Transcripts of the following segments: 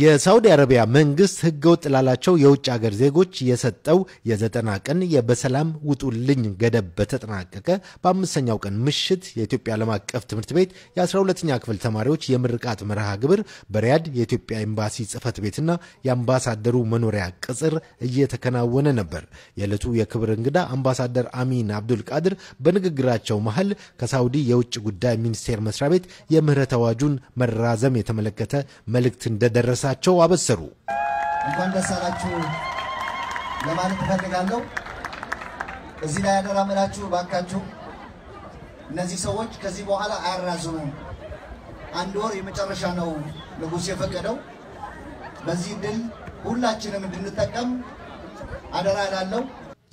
የሳውዲ አረቢያ መንግስት ህገወጥ ላላቸው የውጭ ሀገር ዜጎች የሰጠው የዘጠና ቀን የበሰላም ውጡልኝ ገደብ በተጠናቀቀ በአምስተኛው ቀን ምሽት የኢትዮጵያ ዓለም አቀፍ ትምህርት ቤት የ12ኛ ክፍል ተማሪዎች የምርቃት መርሃ ግብር በሪያድ የኢትዮጵያ ኤምባሲ ጽህፈት ቤትና የአምባሳደሩ መኖሪያ ቅጽር እየተከናወነ ነበር። የዕለቱ የክብር እንግዳ አምባሳደር አሚን አብዱል ቃድር በንግግራቸው መሀል ከሳውዲ የውጭ ጉዳይ ሚኒስቴር መስሪያ ቤት የምህረት አዋጁን መራዘም የተመለከተ መልእክት እንደደረሰ እሳቸው አበሰሩ። እንኳን ደስ አላችሁ ለማለት እፈልጋለሁ። እዚህ ላይ ምላችሁ ባካችሁ፣ እነዚህ ሰዎች ከዚህ በኋላ አያራዝሙም። አንድ ወር የመጨረሻ ነው ንጉሥ የፈቀደው። በዚህ ድል ሁላችንም እንድንጠቀም አደራ እላለሁ።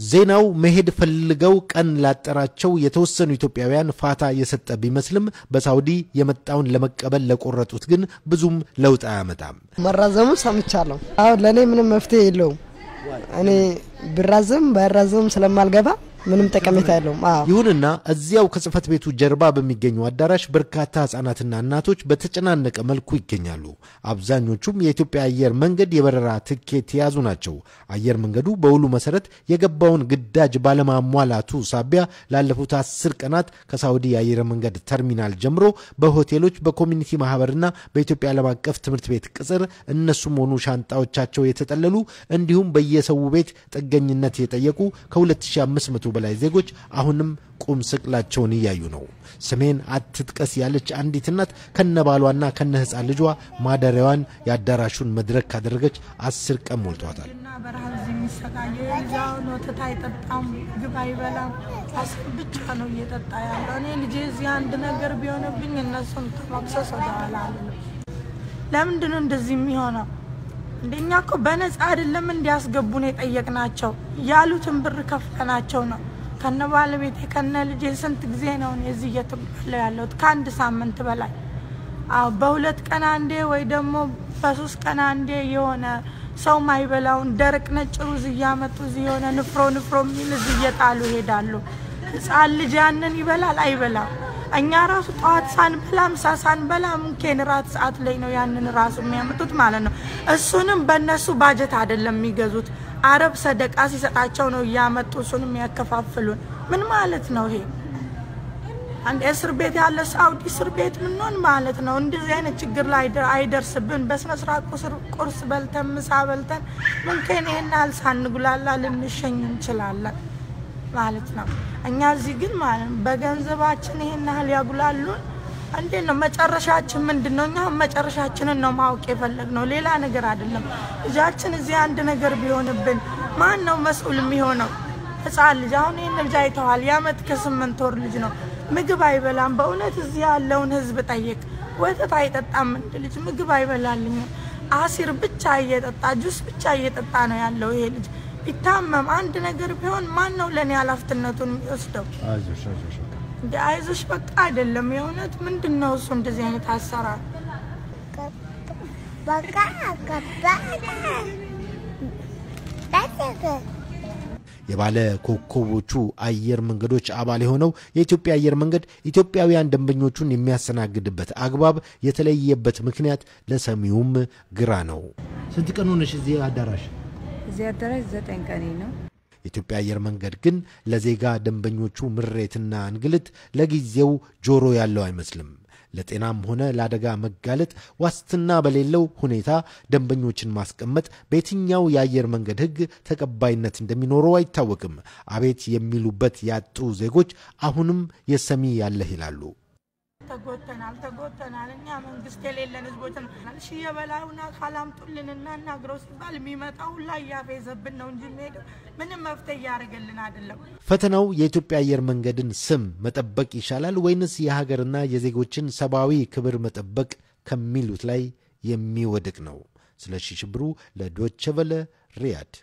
ዜናው መሄድ ፈልገው ቀን ላጠራቸው የተወሰኑ ኢትዮጵያውያን ፋታ የሰጠ ቢመስልም በሳውዲ የመጣውን ለመቀበል ለቆረጡት ግን ብዙም ለውጥ አያመጣም። መራዘሙ ሰምቻለሁ። አሁን ለእኔ ምንም መፍትሄ የለውም። እኔ ብራዘም ባይራዘም ስለማልገባ ምንም ጠቀሜታ የለውም። ይሁንና እዚያው ከጽህፈት ቤቱ ጀርባ በሚገኙ አዳራሽ በርካታ ህጻናትና እናቶች በተጨናነቀ መልኩ ይገኛሉ። አብዛኞቹም የኢትዮጵያ አየር መንገድ የበረራ ትኬት የያዙ ናቸው። አየር መንገዱ በውሉ መሰረት የገባውን ግዳጅ ባለማሟላቱ ሳቢያ ላለፉት አስር ቀናት ከሳውዲ የአየር መንገድ ተርሚናል ጀምሮ በሆቴሎች በኮሚኒቲ ማህበርና በኢትዮጵያ ዓለም አቀፍ ትምህርት ቤት ቅጽር እነሱም ሆኑ ሻንጣዎቻቸው የተጠለሉ እንዲሁም በየሰው ቤት ጥገኝነት የጠየቁ ከ2500 በላይ ዜጎች አሁንም ቁም ስቅላቸውን እያዩ ነው። ስሜን አትጥቀስ ያለች አንዲት እናት ከነባሏና ከነ ሕፃን ልጇ ማደሪያዋን የአዳራሹን መድረክ ካደረገች አስር ቀን ሞልቷታል። ግብ አይበላም ብቻ ነው እየጠጣ ያለው። እኔ ልጄ እዚህ አንድ ነገር ቢሆንብኝ እነሱን ተማክሰስ ወደኋላ ለምንድነው እንደዚህ የሚሆነው? እንደኛ እኮ በነጻ አይደለም እንዲያስገቡን የጠየቅናቸው ያሉትን ብር ከፍለናቸው ነው። ከነ ባለቤቴ ከነ ልጄ ስንት ጊዜ ነው እዚህ እየተባለ ያለሁት? ከአንድ ሳምንት በላይ በሁለት ቀን አንዴ ወይ ደግሞ በሶስት ቀን አንዴ የሆነ ሰው ማይበላውን ደረቅ ነጭ ሩዝ እያመጡ እዚህ የሆነ ንፍሮ ንፍሮ የሚል እዚህ እየጣሉ ይሄዳሉ። ህፃን ልጅ ያንን ይበላል አይበላም? እኛ ራሱ ጠዋት ሳንበላ ምሳ ሳንበላ ምንኬን ራት ሰዓት ላይ ነው ያንን ራሱ የሚያመጡት ማለት ነው። እሱንም በእነሱ ባጀት አይደለም የሚገዙት። አረብ ሰደቃ ሲሰጣቸው ነው እያመጡ እሱንም ያከፋፍሉን። ምን ማለት ነው ይሄ? አንድ እስር ቤት ያለ ሳውዲ እስር ቤት ምንሆን ማለት ነው? እንደዚህ አይነት ችግር ላይ አይደርስብን። በስነ ስርዓት ቁርስ በልተን ምሳ በልተን ምንኬን ይህን ያህል ልንሸኝ እንችላለን። ማለት ነው። እኛ እዚህ ግን ማለት በገንዘባችን ይሄን ያህል ያጉላሉን። እንዴ ነው መጨረሻችን ምንድን ነው? እኛ መጨረሻችንን ነው ማወቅ የፈለግነው፣ ሌላ ነገር አይደለም። ልጃችን እዚህ አንድ ነገር ቢሆንብን ማን ነው መስኡል የሚሆነው? ህፃን ልጅ አሁን ይህን ልጅ አይተዋል። የአመት ከስምንት ወር ልጅ ነው። ምግብ አይበላም። በእውነት እዚህ ያለውን ህዝብ ጠይቅ። ወተት አይጠጣም እንድ ልጅ ምግብ አይበላልኝም። አሲር ብቻ እየጠጣ ጁስ ብቻ እየጠጣ ነው ያለው ይሄ ልጅ። ቢታመም አንድ ነገር ቢሆን ማን ነው ለእኔ ኃላፊነቱን የሚወስደው? እንደ አይዞሽ በቃ አይደለም። የእውነት ምንድን ነው እሱ እንደዚህ አይነት አሰራር? የባለ ኮከቦቹ አየር መንገዶች አባል የሆነው የኢትዮጵያ አየር መንገድ ኢትዮጵያውያን ደንበኞቹን የሚያስተናግድበት አግባብ የተለየበት ምክንያት ለሰሚውም ግራ ነው። ስንት ቀን ሆነሽ እዚህ አዳራሽ? እዚህ አዳራሽ ዘጠኝ ቀኔ ነው። የኢትዮጵያ አየር መንገድ ግን ለዜጋ ደንበኞቹ ምሬትና እንግልት ለጊዜው ጆሮ ያለው አይመስልም። ለጤናም ሆነ ለአደጋ መጋለጥ ዋስትና በሌለው ሁኔታ ደንበኞችን ማስቀመጥ በየትኛው የአየር መንገድ ሕግ ተቀባይነት እንደሚኖረው አይታወቅም። አቤት የሚሉበት ያጡ ዜጎች አሁንም የሰሚ ያለህ ይላሉ። ተጎተናል ተጎተናል። እኛ መንግስት የሌለን ህዝቦች ነው። እሺ የበላውና ካላምጡልን አምጡልንና ሲባል የሚመጣው ሁላ እያፌዘብን ነው እንጂ የሚሄደው ምንም መፍትሄ እያደረገልን አይደለም። ፈተናው የኢትዮጵያ አየር መንገድን ስም መጠበቅ ይሻላል ወይንስ የሀገርና የዜጎችን ሰብአዊ ክብር መጠበቅ ከሚሉት ላይ የሚወድቅ ነው? ስለሺ ሽብሩ ለዶቸ ሪያድ